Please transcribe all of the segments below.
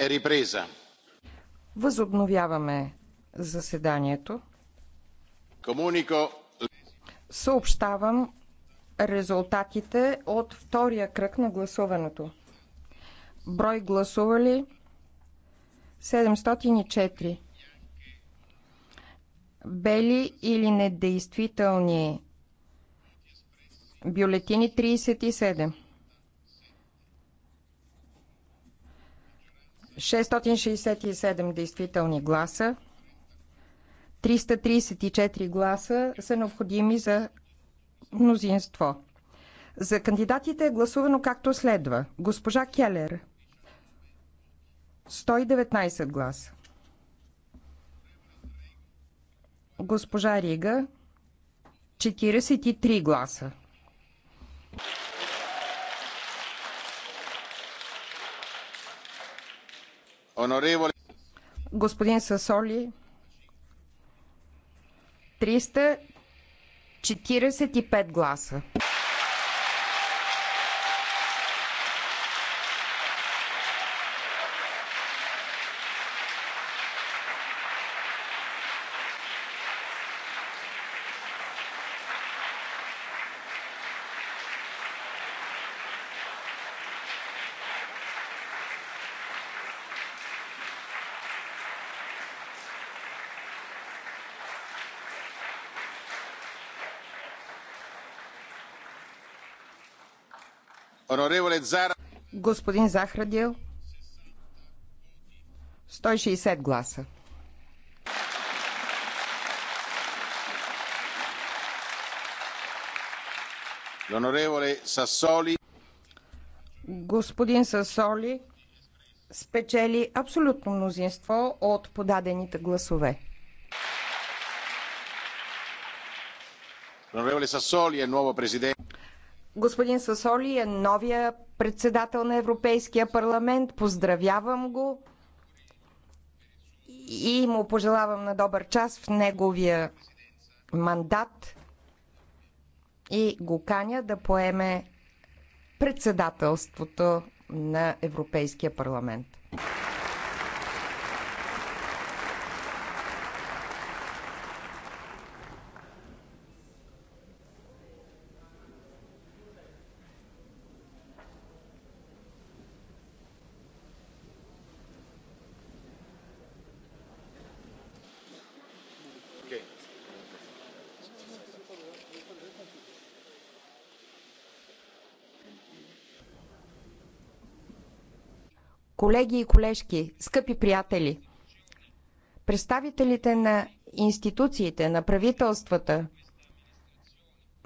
е Възобновяваме заседанието. Съобщавам резултатите от втория кръг на гласуването. Брой гласували 704. Бели или недействителни бюлетини 37. 667 действителни гласа, 334 гласа са необходими за мнозинство. За кандидатите е гласувано както следва. Госпожа Келер 119 гласа. Госпожа Рига 43 гласа. Господин Сасоли, 345 гласа. Господин Захрадил, 160 гласа. Сасоли. Господин Сасоли спечели абсолютно мнозинство от подадените гласове. Сасоли е ново президент. Господин Сасоли е новия председател на Европейския парламент. Поздравявам го и му пожелавам на добър час в неговия мандат и го каня да поеме председателството на Европейския парламент. колеги и колежки, скъпи приятели, представителите на институциите, на правителствата,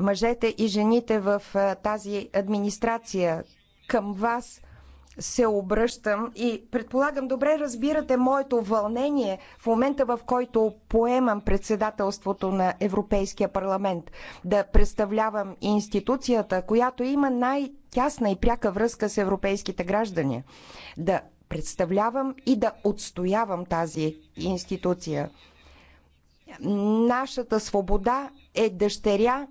мъжете и жените в тази администрация, към вас – се обръщам и предполагам добре разбирате моето вълнение в момента в който поемам председателството на Европейския парламент да представлявам институцията, която има най-тясна и пряка връзка с европейските граждани. Да представлявам и да отстоявам тази институция. Нашата свобода е дъщеря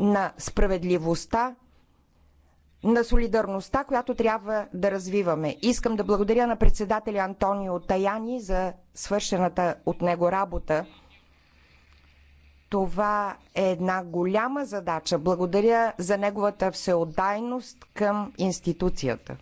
на справедливостта, на солидарността, която трябва да развиваме. Искам да благодаря на председателя Антонио Таяни за свършената от него работа. Това е една голяма задача. Благодаря за неговата всеотдайност към институцията.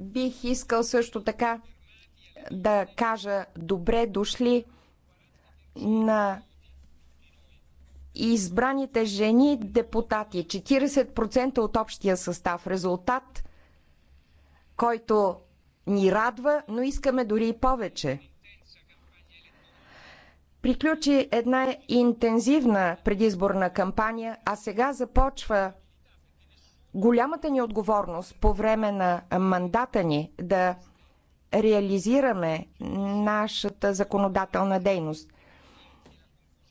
Бих искал също така да кажа добре дошли на избраните жени депутати, 40% от общия състав. Резултат, който ни радва, но искаме дори и повече. Приключи една интензивна предизборна кампания, а сега започва голямата ни отговорност по време на мандата ни да реализираме нашата законодателна дейност.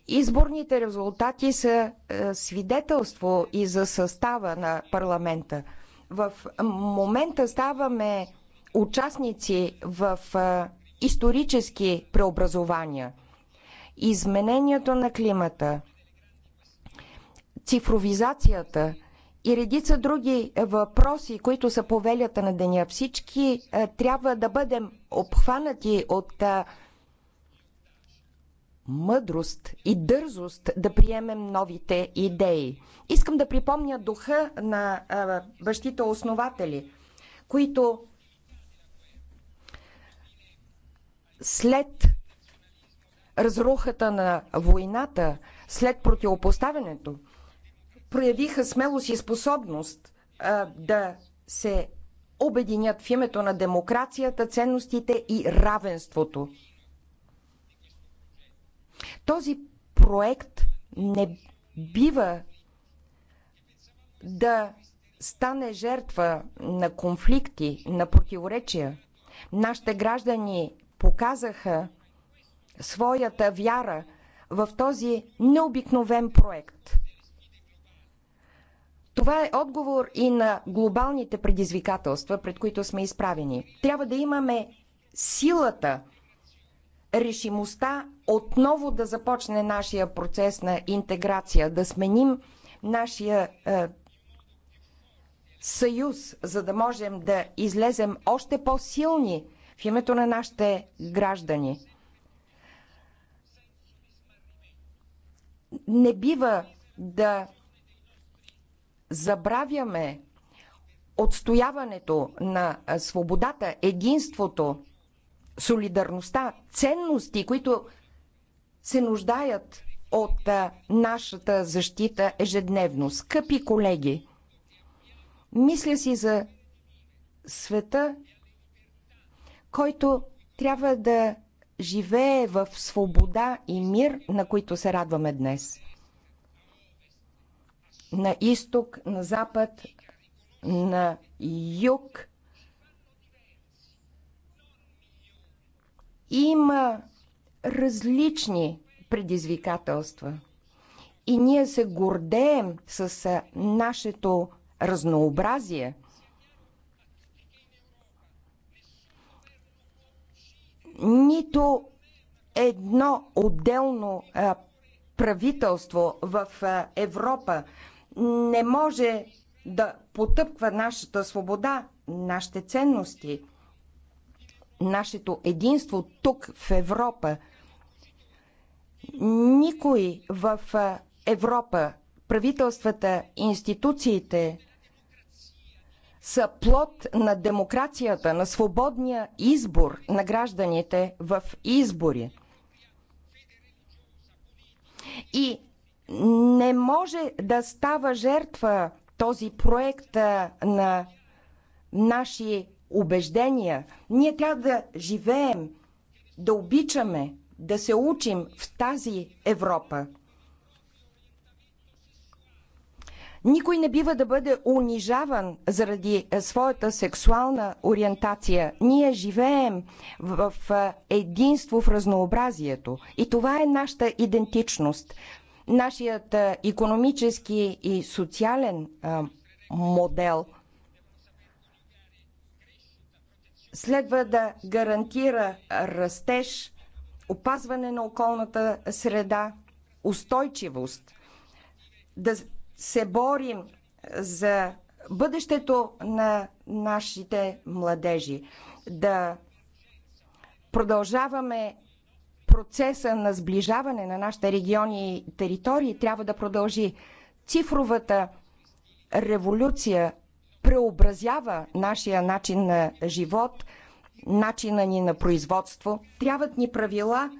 Изборните резултати са е, свидетелство и за състава на парламента. В момента ставаме участници в е, исторически преобразования. Изменението на климата, цифровизацията – и редица други въпроси, които са повелята на деня. Всички е, трябва да бъдем обхванати от е, мъдрост и дързост да приемем новите идеи. Искам да припомня духа на е, бащите основатели, които след разрухата на войната, след противопоставянето, проявиха смелост и способност а, да се обединят в името на демокрацията, ценностите и равенството. Този проект не бива да стане жертва на конфликти, на противоречия. Нашите граждани показаха своята вяра в този необикновен проект – това е отговор и на глобалните предизвикателства, пред които сме изправени. Трябва да имаме силата, решимостта отново да започне нашия процес на интеграция, да сменим нашия е, съюз, за да можем да излезем още по-силни в името на нашите граждани. Не бива да забравяме отстояването на свободата, единството, солидарността, ценности, които се нуждаят от нашата защита ежедневно. Скъпи колеги, мисля си за света, който трябва да живее в свобода и мир, на които се радваме днес на изток, на запад, на юг. Има различни предизвикателства. И ние се гордеем с нашето разнообразие. Нито едно отделно правителство в Европа не може да потъпква нашата свобода, нашите ценности, нашето единство тук в Европа. Никой в Европа, правителствата, институциите са плод на демокрацията, на свободния избор на гражданите в избори. И не може да става жертва този проект на наши убеждения. Ние трябва да живеем, да обичаме, да се учим в тази Европа. Никой не бива да бъде унижаван заради своята сексуална ориентация. Ние живеем в единство в разнообразието. И това е нашата идентичност. Нашият економически и социален модел следва да гарантира растеж, опазване на околната среда, устойчивост, да се борим за бъдещето на нашите младежи, да продължаваме процеса на сближаване на нашите региони и територии трябва да продължи. Цифровата революция преобразява нашия начин на живот, начина ни на производство. Трябват ни правила,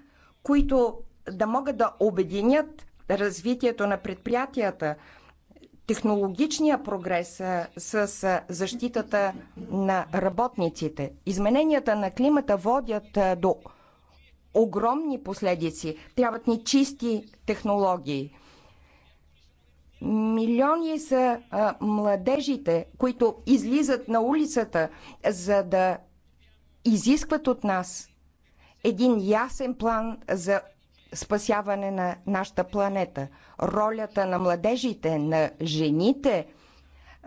които да могат да обединят развитието на предприятията, технологичния прогрес с защитата на работниците. Измененията на климата водят до огромни последици. Трябват ни чисти технологии. Милиони са а, младежите, които излизат на улицата, за да изискват от нас един ясен план за спасяване на нашата планета. Ролята на младежите, на жените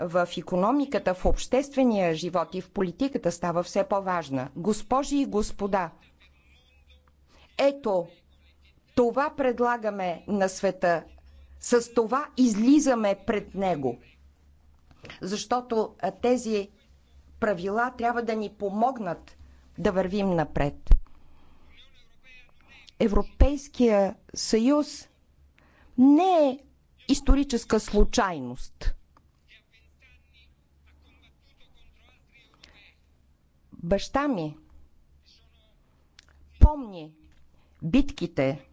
в економиката, в обществения живот и в политиката става все по-важна. Госпожи и господа, ето, това предлагаме на света. С това излизаме пред него. Защото тези правила трябва да ни помогнат да вървим напред. Европейския съюз не е историческа случайност. Баща ми помни битките,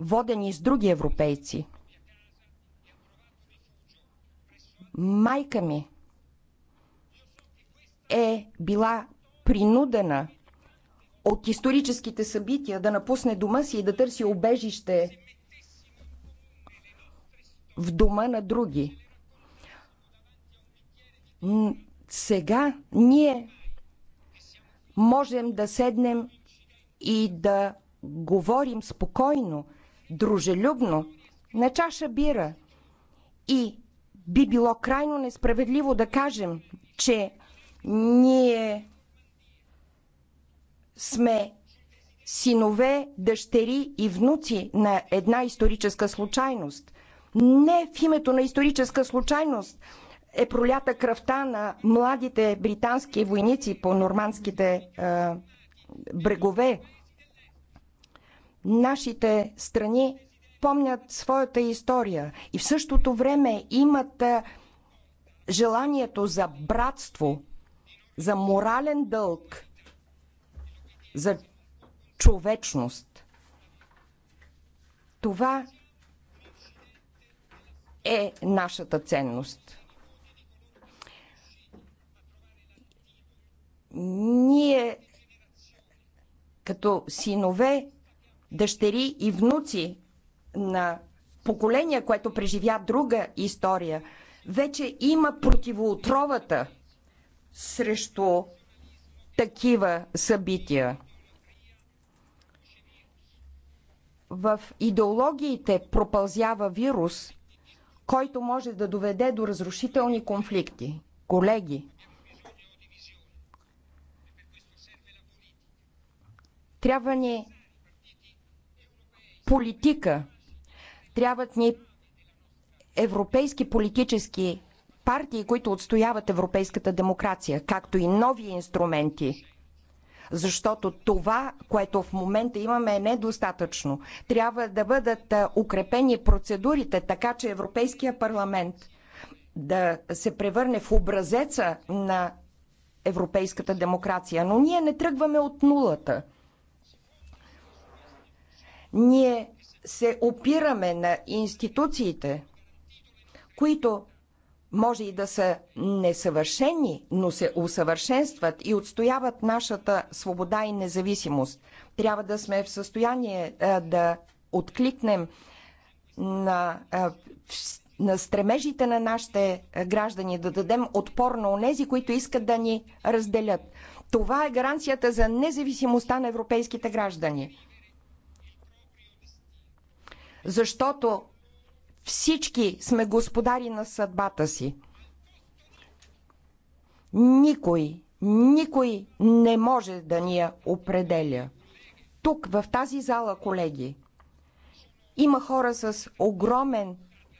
водени с други европейци. Майка ми е била принудена от историческите събития да напусне дома си и да търси обежище в дома на други. Сега ние можем да седнем и да говорим спокойно, дружелюбно, на чаша бира. И би било крайно несправедливо да кажем, че ние сме синове, дъщери и внуци на една историческа случайност. Не в името на историческа случайност е пролята кръвта на младите британски войници по нормандските е, брегове. Нашите страни помнят своята история и в същото време имат желанието за братство, за морален дълг, за човечност. Това е нашата ценност. Ние като синове дъщери и внуци на поколения, което преживя друга история, вече има противоотровата срещу такива събития. В идеологиите пропълзява вирус, който може да доведе до разрушителни конфликти. Колеги, трябва ни политика. Трябват ни европейски политически партии, които отстояват европейската демокрация, както и нови инструменти. Защото това, което в момента имаме, е недостатъчно. Трябва да бъдат укрепени процедурите, така че Европейския парламент да се превърне в образеца на европейската демокрация. Но ние не тръгваме от нулата. Ние се опираме на институциите, които може и да са несъвършени, но се усъвършенстват и отстояват нашата свобода и независимост. Трябва да сме в състояние да откликнем на, на стремежите на нашите граждани, да дадем отпор на онези, които искат да ни разделят. Това е гаранцията за независимостта на европейските граждани защото всички сме господари на съдбата си. Никой, никой не може да ни я определя. Тук, в тази зала, колеги, има хора с огромен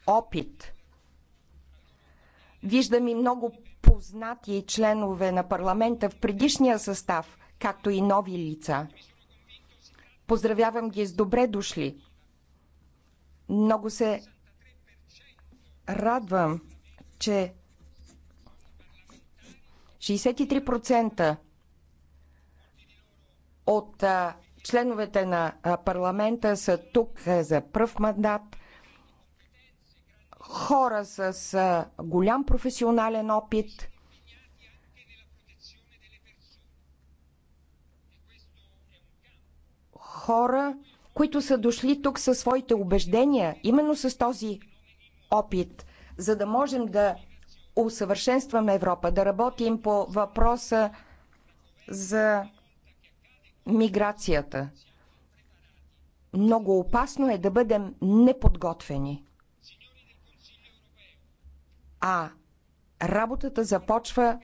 опит. Виждам и много познати членове на парламента в предишния състав, както и нови лица. Поздравявам ги с добре дошли. Много се радвам, че 63% от членовете на парламента са тук е, за пръв мандат. Хора с голям професионален опит. Хора, които са дошли тук със своите убеждения, именно с този опит, за да можем да усъвършенстваме Европа, да работим по въпроса за миграцията. Много опасно е да бъдем неподготвени. А работата започва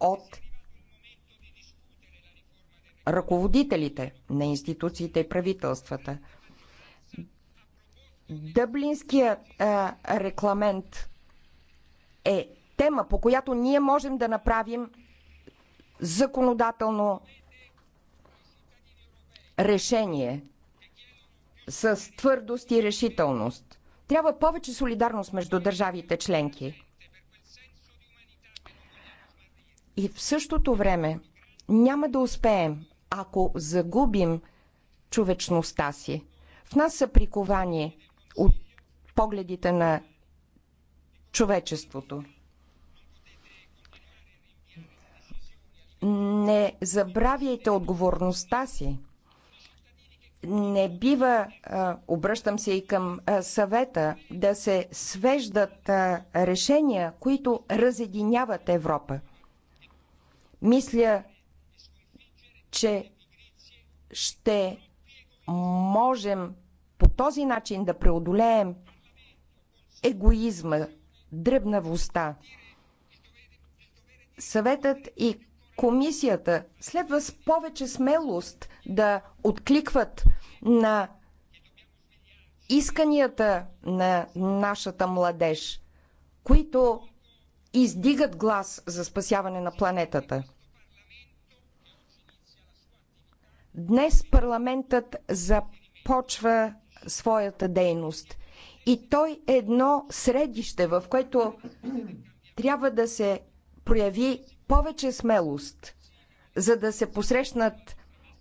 от ръководителите на институциите и правителствата. Дъблинският а, рекламент е тема, по която ние можем да направим законодателно решение с твърдост и решителност. Трябва повече солидарност между държавите членки. И в същото време няма да успеем, ако загубим човечността си. В нас са приковани от погледите на човечеството. Не забравяйте отговорността си. Не бива, обръщам се и към съвета, да се свеждат решения, които разединяват Европа. Мисля, че ще можем по този начин да преодолеем егоизма, дръбнавостта. Съветът и комисията следва с повече смелост да откликват на исканията на нашата младеж, които издигат глас за спасяване на планетата. Днес парламентът започва своята дейност и той е едно средище, в което трябва да се прояви повече смелост, за да се посрещнат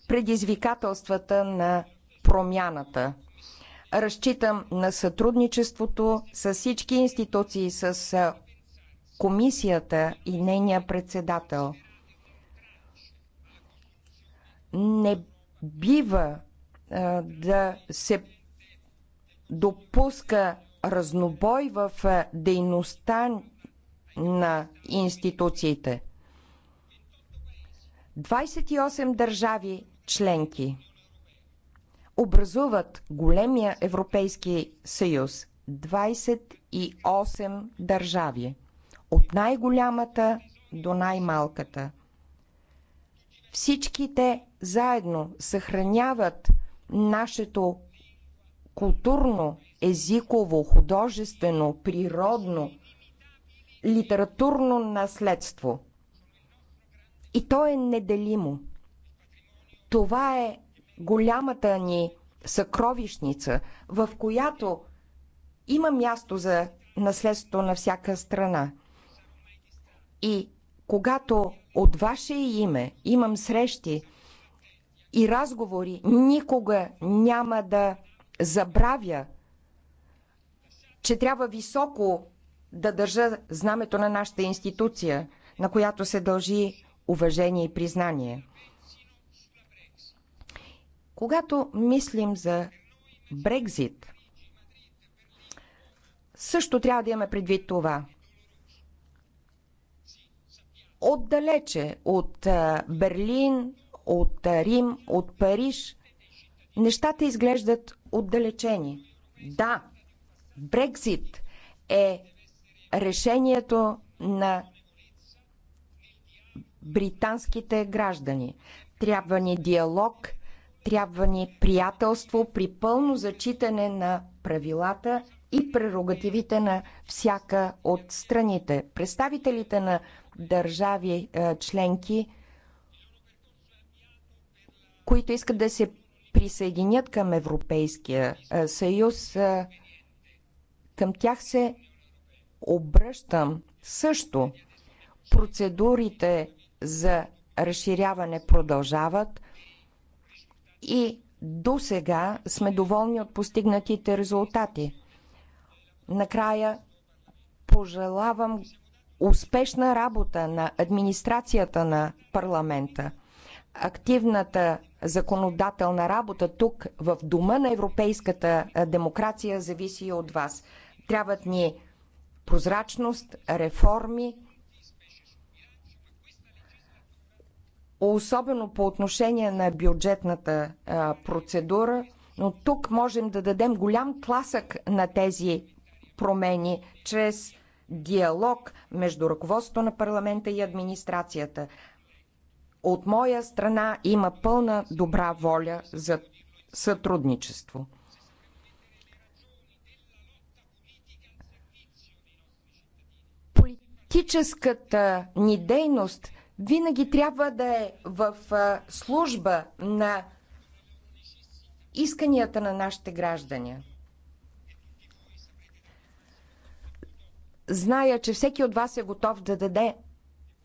предизвикателствата на промяната. Разчитам на сътрудничеството с всички институции, с комисията и нейния председател – не бива а, да се допуска разнобой в а, дейността на институциите. 28 държави членки образуват големия Европейски съюз. 28 държави. От най-голямата до най-малката. Всичките заедно съхраняват нашето културно, езиково, художествено, природно, литературно наследство. И то е неделимо. Това е голямата ни съкровищница, в която има място за наследство на всяка страна. И когато от ваше име имам срещи и разговори. Никога няма да забравя, че трябва високо да държа знамето на нашата институция, на която се дължи уважение и признание. Когато мислим за Брекзит, също трябва да имаме предвид това. Отдалече от Берлин, от Рим, от Париж, нещата изглеждат отдалечени. Да, Брекзит е решението на британските граждани. Трябва ни диалог, трябва ни приятелство при пълно зачитане на правилата и прерогативите на всяка от страните. Представителите на държави е, членки които искат да се присъединят към Европейския съюз. Към тях се обръщам също. Процедурите за разширяване продължават и до сега сме доволни от постигнатите резултати. Накрая пожелавам успешна работа на администрацията на парламента – активната законодателна работа тук в дома на европейската демокрация зависи и от вас. Трябват ни прозрачност, реформи, особено по отношение на бюджетната процедура, но тук можем да дадем голям тласък на тези промени чрез диалог между ръководството на парламента и администрацията. От моя страна има пълна добра воля за сътрудничество. Политическата ни дейност винаги трябва да е в служба на исканията на нашите граждани. Зная, че всеки от вас е готов да даде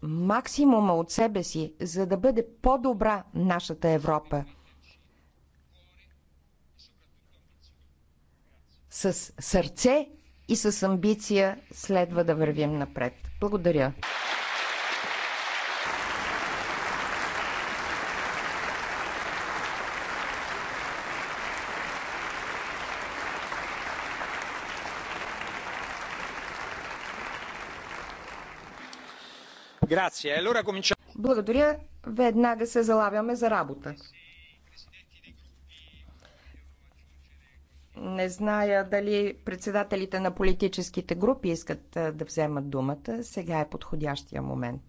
максимума от себе си, за да бъде по-добра нашата Европа. С сърце и с амбиция следва да вървим напред. Благодаря. Благодаря. Веднага се залавяме за работа. Не зная дали председателите на политическите групи искат да вземат думата. Сега е подходящия момент.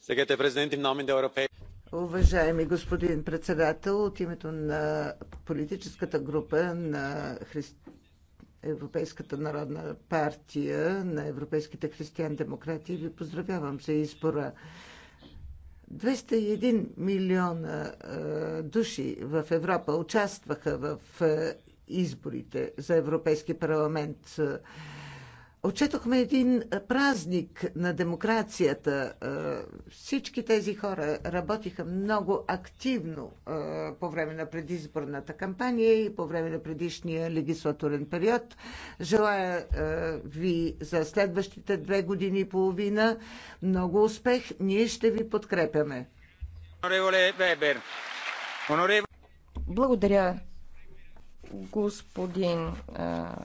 Секретар президент, в намен на Европей. Уважаеми господин председател, от името на политическата група на Европейската народна партия на европейските християн-демократи ви поздравявам за избора. 201 милиона е, души в Европа участваха в е, изборите за Европейски парламент. Отчетохме един празник на демокрацията. Всички тези хора работиха много активно по време на предизборната кампания и по време на предишния легислатурен период. Желая ви за следващите две години и половина много успех. Ние ще ви подкрепяме. Благодаря, господин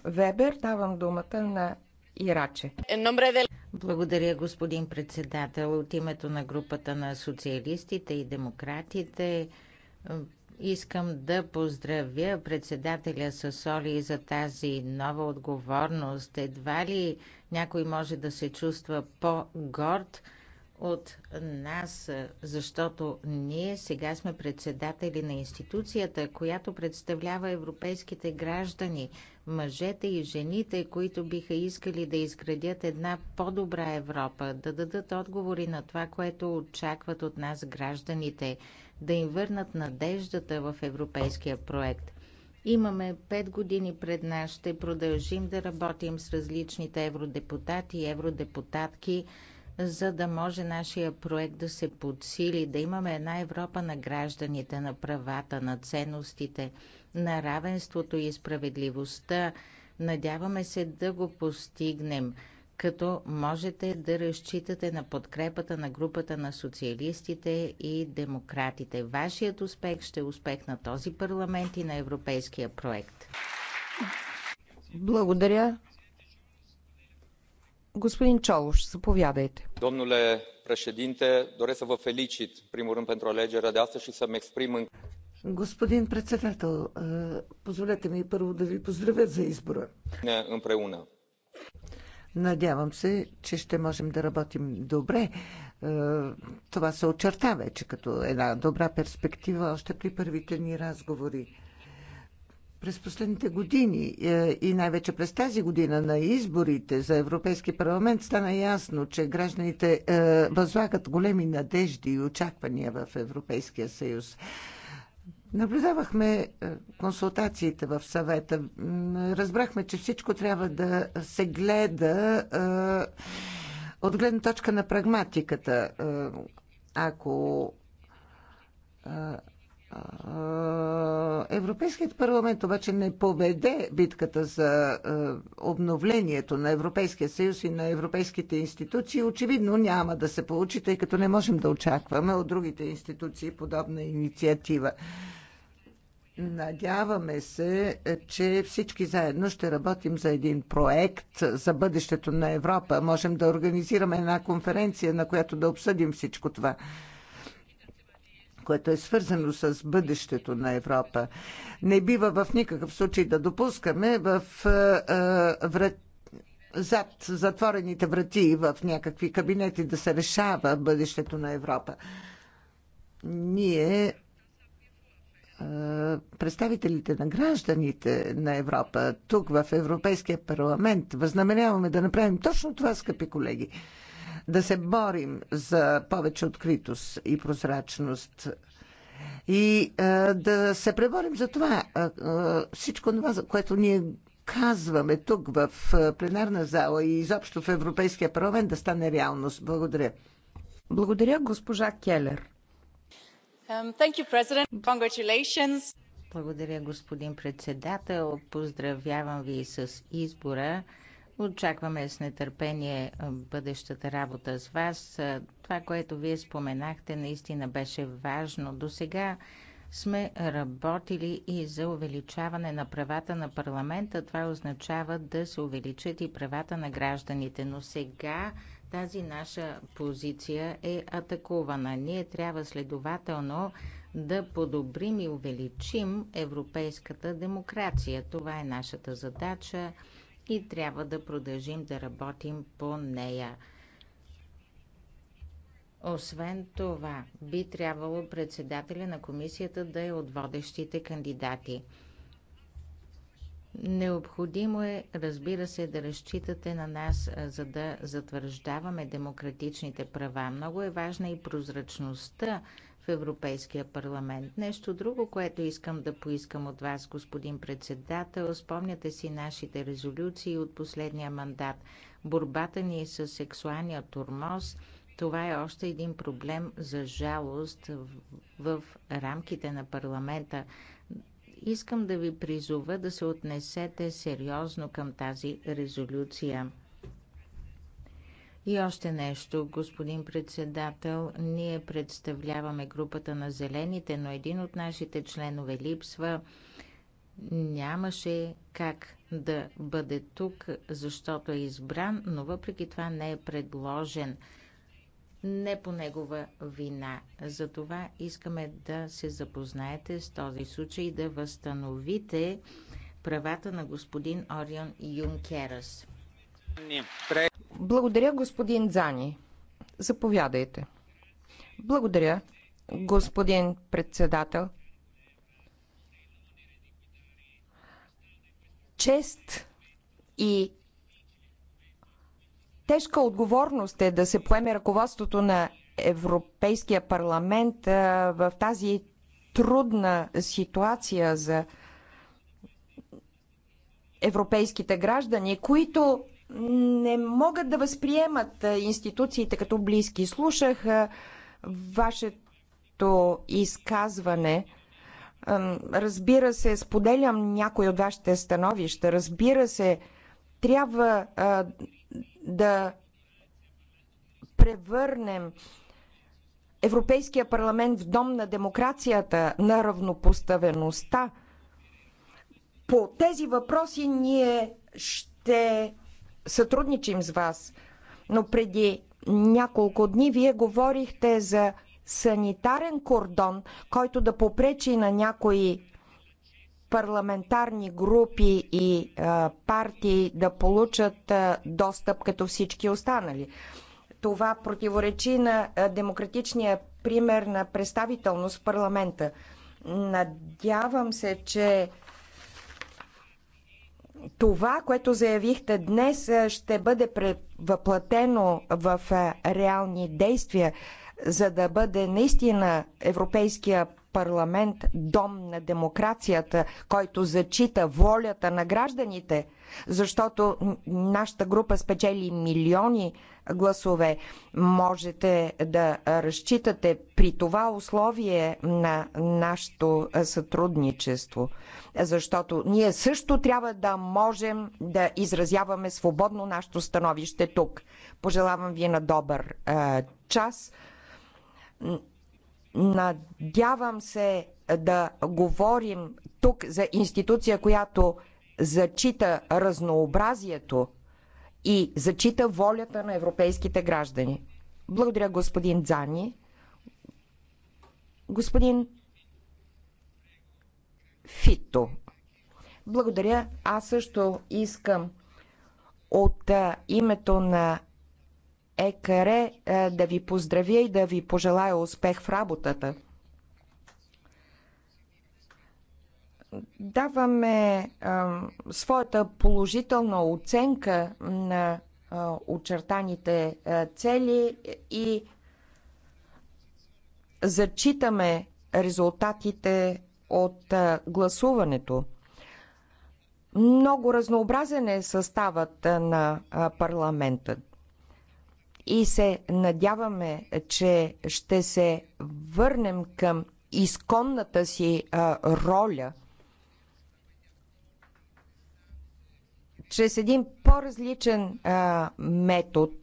Вебер. Давам думата на Ираче. Е, е Благодаря, господин председател. От името на групата на социалистите и демократите искам да поздравя председателя Сасоли за тази нова отговорност. Едва ли някой може да се чувства по-горд от нас, защото ние сега сме председатели на институцията, която представлява европейските граждани мъжете и жените, които биха искали да изградят една по-добра Европа, да дадат отговори на това, което очакват от нас гражданите, да им върнат надеждата в европейския проект. Имаме пет години пред нас, ще продължим да работим с различните евродепутати и евродепутатки, за да може нашия проект да се подсили, да имаме една Европа на гражданите, на правата, на ценностите – на равенството и справедливостта. Надяваме се да го постигнем, като можете да разчитате на подкрепата на групата на социалистите и демократите. Вашият успех ще е успех на този парламент и на европейския проект. Благодаря. Господин Чолош, заповядайте. Domnule președinte, дореса să vă felicit, în primul rând, pentru alegerea de astăzi și să-mi exprim în... Господин председател, позволете ми първо да ви поздравя за избора. Не, împreună. Надявам се, че ще можем да работим добре. Това се очерта вече като една добра перспектива още при първите ни разговори. През последните години и най-вече през тази година на изборите за Европейски парламент стана ясно, че гражданите възлагат големи надежди и очаквания в Европейския съюз. Наблюдавахме е, консултациите в съвета. Разбрахме, че всичко трябва да се гледа е, от гледна точка на прагматиката. Е, ако Европейският парламент обаче не поведе битката за обновлението на Европейския съюз и на европейските институции. Очевидно няма да се получи, тъй като не можем да очакваме от другите институции подобна инициатива. Надяваме се, че всички заедно ще работим за един проект за бъдещето на Европа. Можем да организираме една конференция, на която да обсъдим всичко това което е свързано с бъдещето на Европа. Не бива в никакъв случай да допускаме в врат зад затворените врати в някакви кабинети да се решава бъдещето на Европа. Ние представителите на гражданите на Европа, тук в Европейския парламент, възнамеряваме да направим точно това, скъпи колеги да се борим за повече откритост и прозрачност и а, е, да се преборим за това. А, е, а, е, всичко това, за което ние казваме тук в пленарна зала и изобщо в Европейския парламент да стане реалност. Благодаря. Благодаря, госпожа Келер. Um, you, Благодаря, господин председател. Поздравявам ви с избора. Очакваме с нетърпение е, бъдещата работа с вас. Е, това, което вие споменахте, наистина беше важно. До сега сме работили и за увеличаване на правата на парламента. Това означава да се увеличат и правата на гражданите. Но сега тази наша позиция е атакувана. Ние трябва следователно да подобрим и увеличим европейската демокрация. Това е нашата задача и трябва да продължим да работим по нея. Освен това, би трябвало председателя на комисията да е от водещите кандидати. Необходимо е, разбира се, да разчитате на нас, за да затвърждаваме демократичните права. Много е важна и прозрачността Европейския парламент. Нещо друго, което искам да поискам от вас, господин председател, спомняте си нашите резолюции от последния мандат. Борбата ни с сексуалния турмоз това е още един проблем за жалост в, в рамките на парламента. Искам да ви призова да се отнесете сериозно към тази резолюция. И още нещо, господин председател, ние представляваме групата на зелените, но един от нашите членове липсва. Нямаше как да бъде тук, защото е избран, но въпреки това не е предложен. Не по негова вина. Затова искаме да се запознаете с този случай и да възстановите правата на господин Орион Юнкерас. Благодаря, господин Дзани. Заповядайте. Благодаря, господин председател. Чест и тежка отговорност е да се поеме ръководството на Европейския парламент в тази трудна ситуация за европейските граждани, които не могат да възприемат институциите като близки. Слушах вашето изказване. Разбира се, споделям някои от вашите становища. Разбира се, трябва да превърнем Европейския парламент в дом на демокрацията, на равнопоставеността. По тези въпроси ние ще сътрудничим с вас. Но преди няколко дни вие говорихте за санитарен кордон, който да попречи на някои парламентарни групи и а, партии да получат а, достъп като всички останали. Това противоречи на а, демократичния пример на представителност в парламента. Надявам се, че това, което заявихте днес, ще бъде превъплатено в реални действия, за да бъде наистина Европейския парламент дом на демокрацията, който зачита волята на гражданите – защото нашата група спечели милиони гласове. Можете да разчитате при това условие на нашето сътрудничество, защото ние също трябва да можем да изразяваме свободно нашето становище тук. Пожелавам ви на добър е, час. Надявам се да говорим тук за институция, която зачита разнообразието и зачита волята на европейските граждани. Благодаря, господин Дзани. Господин Фито. Благодаря. Аз също искам от а, името на ЕКР да ви поздравя и да ви пожелая успех в работата. даваме а, своята положителна оценка на а, очертаните а, цели и зачитаме резултатите от а, гласуването. Много разнообразен е съставът на парламента и се надяваме, че ще се върнем към изконната си а, роля – чрез един по-различен метод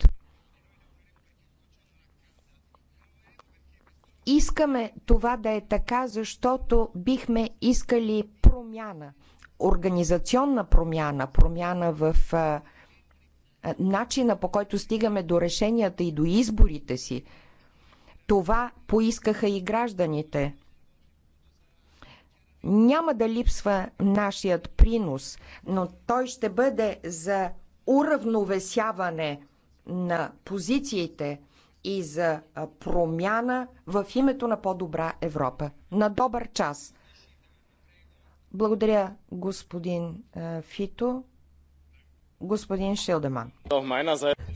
Искаме това да е така, защото бихме искали промяна, организационна промяна, промяна в а, начина по който стигаме до решенията и до изборите си. Това поискаха и гражданите. Няма да липсва нашият принос, но той ще бъде за уравновесяване на позициите и за промяна в името на по-добра Европа. На добър час! Благодаря, господин Фито. Господин Шилдеман.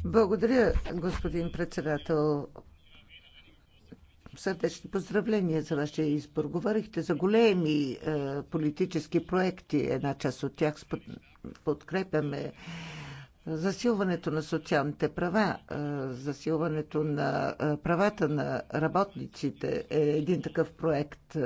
Благодаря, господин председател сърдечни поздравления за вашия избор. Говорихте за големи е, политически проекти. Една част от тях подкрепяме засилването на социалните права, е, засилването на е, правата на работниците е един такъв проект.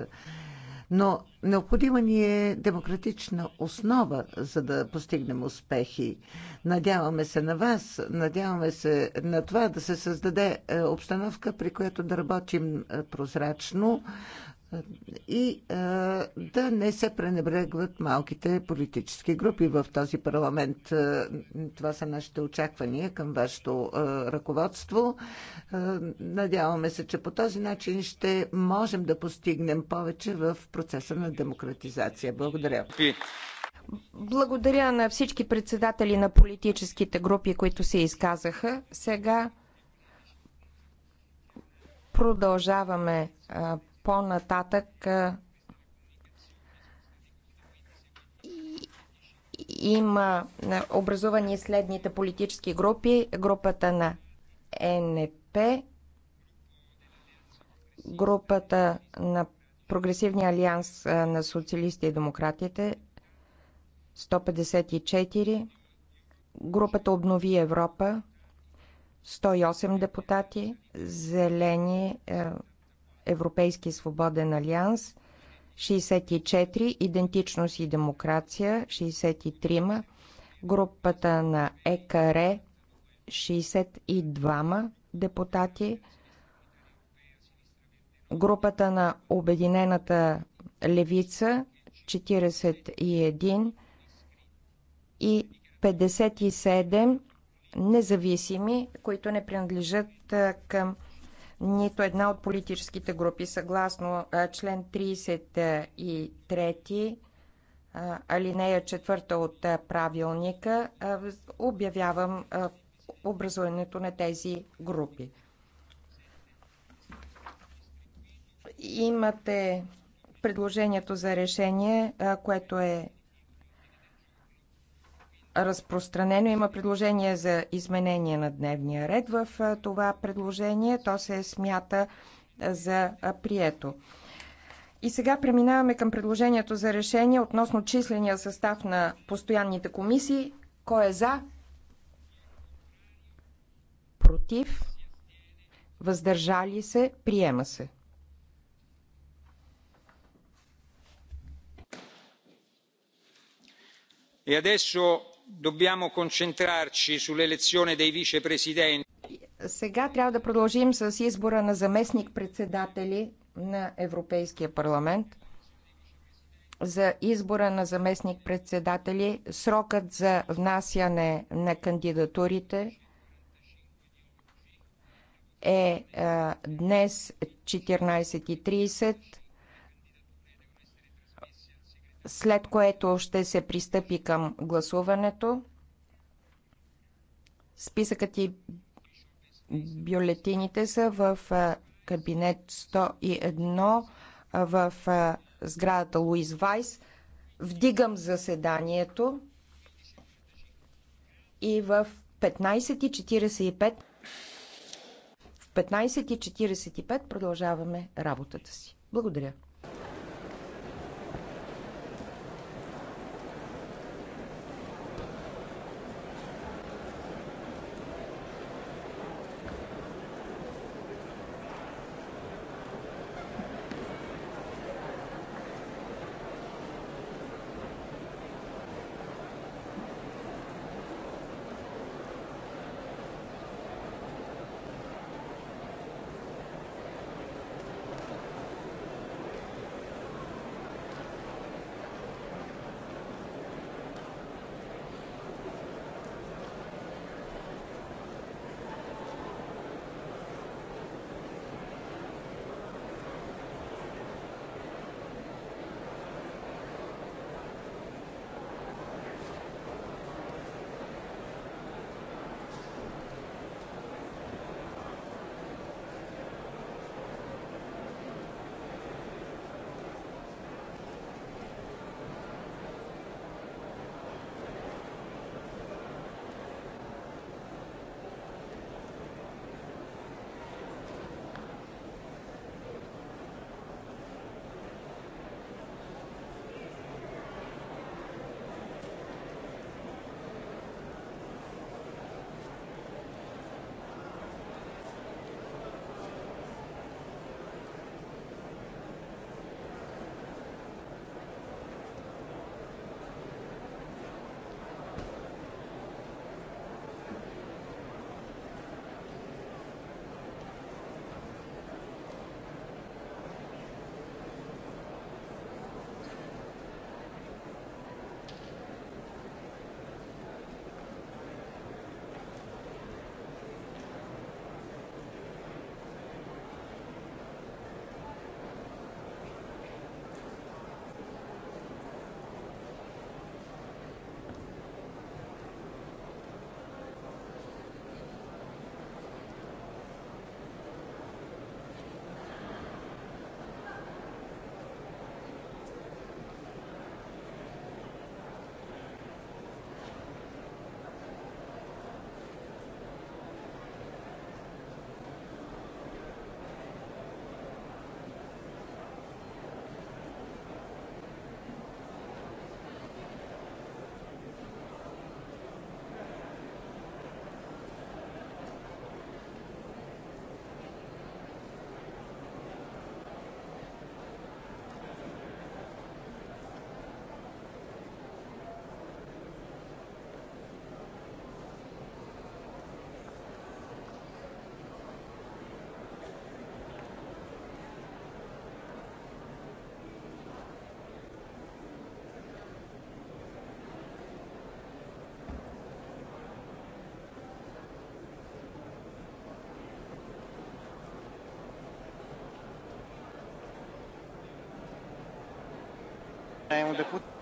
Но необходима ни е демократична основа, за да постигнем успехи. Надяваме се на вас, надяваме се на това да се създаде е, обстановка, при която да работим е, прозрачно, и да не се пренебрегват малките политически групи в този парламент. Това са нашите очаквания към вашето ръководство. Надяваме се, че по този начин ще можем да постигнем повече в процеса на демократизация. Благодаря. Благодаря на всички председатели на политическите групи, които се изказаха. Сега продължаваме по-нататък има образувани следните политически групи. Групата на НП, групата на Прогресивния алианс на социалисти и демократите 154, групата Обнови Европа 108 депутати, Зелени Европейски свободен алианс 64, Идентичност и демокрация 63, групата на ЕКР 62 депутати, групата на Обединената левица 41 и 57 независими, които не принадлежат към нито една от политическите групи. Съгласно член 33 алинея 4 от правилника, обявявам образуването на тези групи. Имате предложението за решение, което е разпространено. Има предложение за изменение на дневния ред в това предложение. То се смята за прието. И сега преминаваме към предложението за решение относно числения състав на постоянните комисии. Кой е за? Против? Въздържали се? Приема се. И adesso Dobbiamo concentrarci sull'elezione dei vicepresidenti. Сега трябва да продължим с избора на заместник-председатели на Европейския парламент. За избора на заместник-председатели срокът за внасяне на кандидатурите е днес 14.30 след което ще се пристъпи към гласуването. Списъкът и бюлетините са в кабинет 101 в сградата Луис Вайс. Вдигам заседанието и в 15.45 в 15.45 продължаваме работата си. Благодаря. Ему депутат.